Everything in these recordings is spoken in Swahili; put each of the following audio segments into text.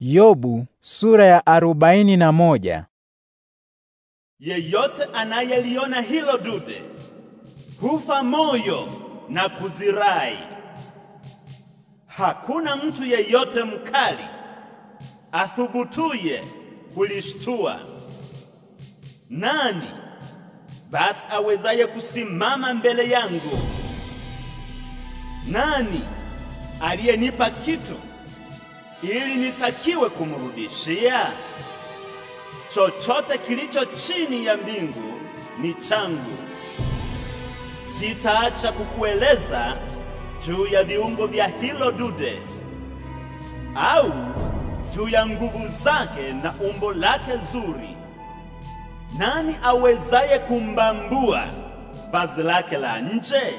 Yobu sura ya arobaini na moja. Yeyote anayeliona hilo dude hufa moyo na kuzirai. Hakuna mtu yeyote mkali athubutuye kulishtua. Nani basi awezaye kusimama mbele yangu? Nani aliyenipa kitu ili nitakiwe kumrudishia? Chochote kilicho chini ya mbingu ni changu. Sitaacha kukueleza juu ya viungo vya hilo dude au juu ya nguvu zake na umbo lake zuri. Nani awezaye kumbambua vazi lake la nje?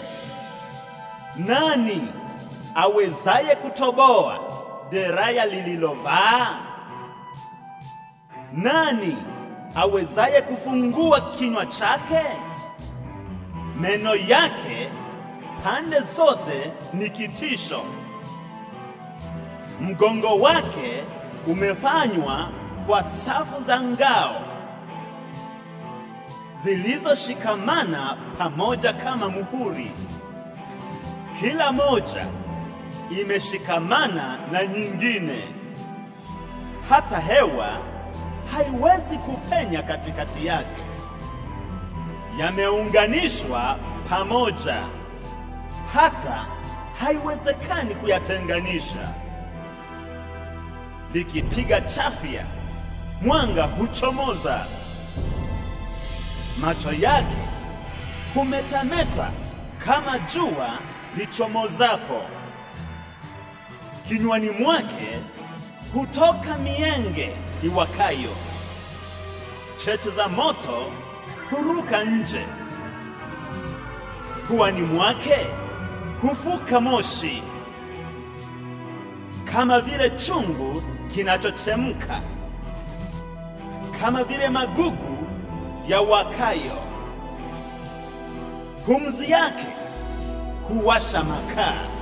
Nani awezaye kutoboa deraya lililovaa? Nani awezaye kufungua kinywa chake? Meno yake pande zote ni kitisho. Mgongo wake umefanywa kwa safu za ngao zilizoshikamana pamoja kama muhuri. Kila moja imeshikamana na nyingine, hata hewa haiwezi kupenya katikati yake. Yameunganishwa pamoja, hata haiwezekani kuyatenganisha. Likipiga chafya, mwanga huchomoza, macho yake humetameta kama jua lichomozapo kinywani mwake hutoka mienge iwakayo, cheche za moto huruka nje, puani mwake hufuka moshi kama vile chungu kinachochemka, kama vile magugu ya wakayo. Pumzi yake huwasha makaa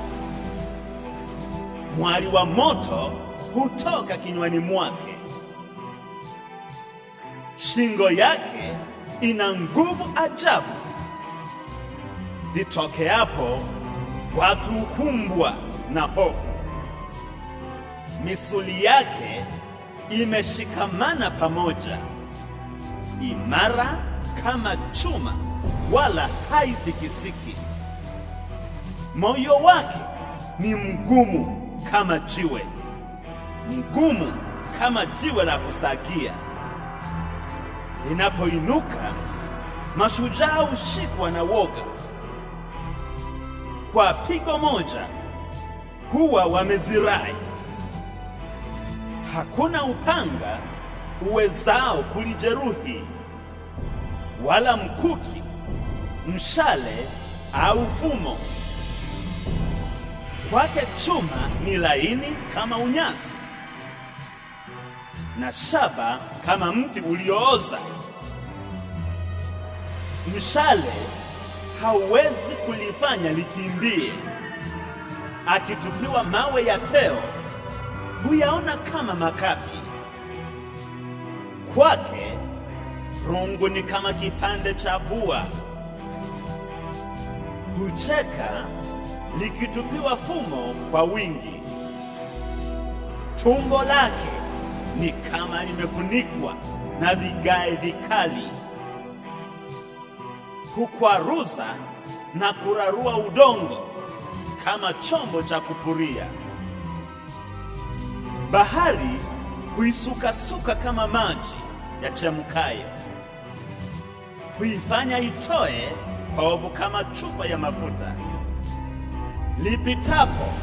mwali wa moto hutoka kinywani mwake. Shingo yake ina nguvu ajabu, vitokeapo watu hukumbwa na hofu. Misuli yake imeshikamana pamoja, imara kama chuma, wala haitikisiki. Moyo wake ni mgumu kama jiwe, mgumu kama jiwe la kusagia. ninapoinuka mashujaa ushikwa na woga. Kwa pigo moja huwa wamezirai. Hakuna upanga uwezao kulijeruhi, wala mkuki, mshale au fumo kwake chuma ni laini kama unyasi na shaba kama mti uliooza. Mshale hauwezi kulifanya likimbie, akitupiwa mawe ya teo huyaona kama makapi. Kwake rungu ni kama kipande cha bua, hucheka likitupiwa fumo kwa wingi, tumbo lake ni kama limefunikwa na vigae vikali, kukwaruza na kurarua udongo kama chombo cha kupuria. Bahari huisukasuka kama maji yachemkayo, huifanya itoe povu kama chupa ya mafuta lipitapo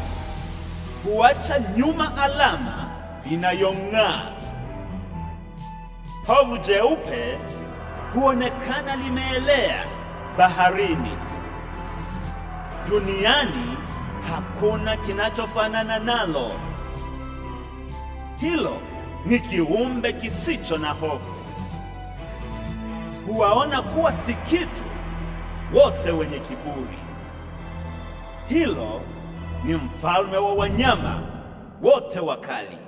huacha nyuma alama inayong'aa. Povu jeupe huonekana limeelea baharini. Duniani hakuna kinachofanana nalo. Hilo ni kiumbe kisicho na hofu. Huwaona kuwa si kitu wote wenye kiburi hilo ni mfalme wa wanyama wote wakali.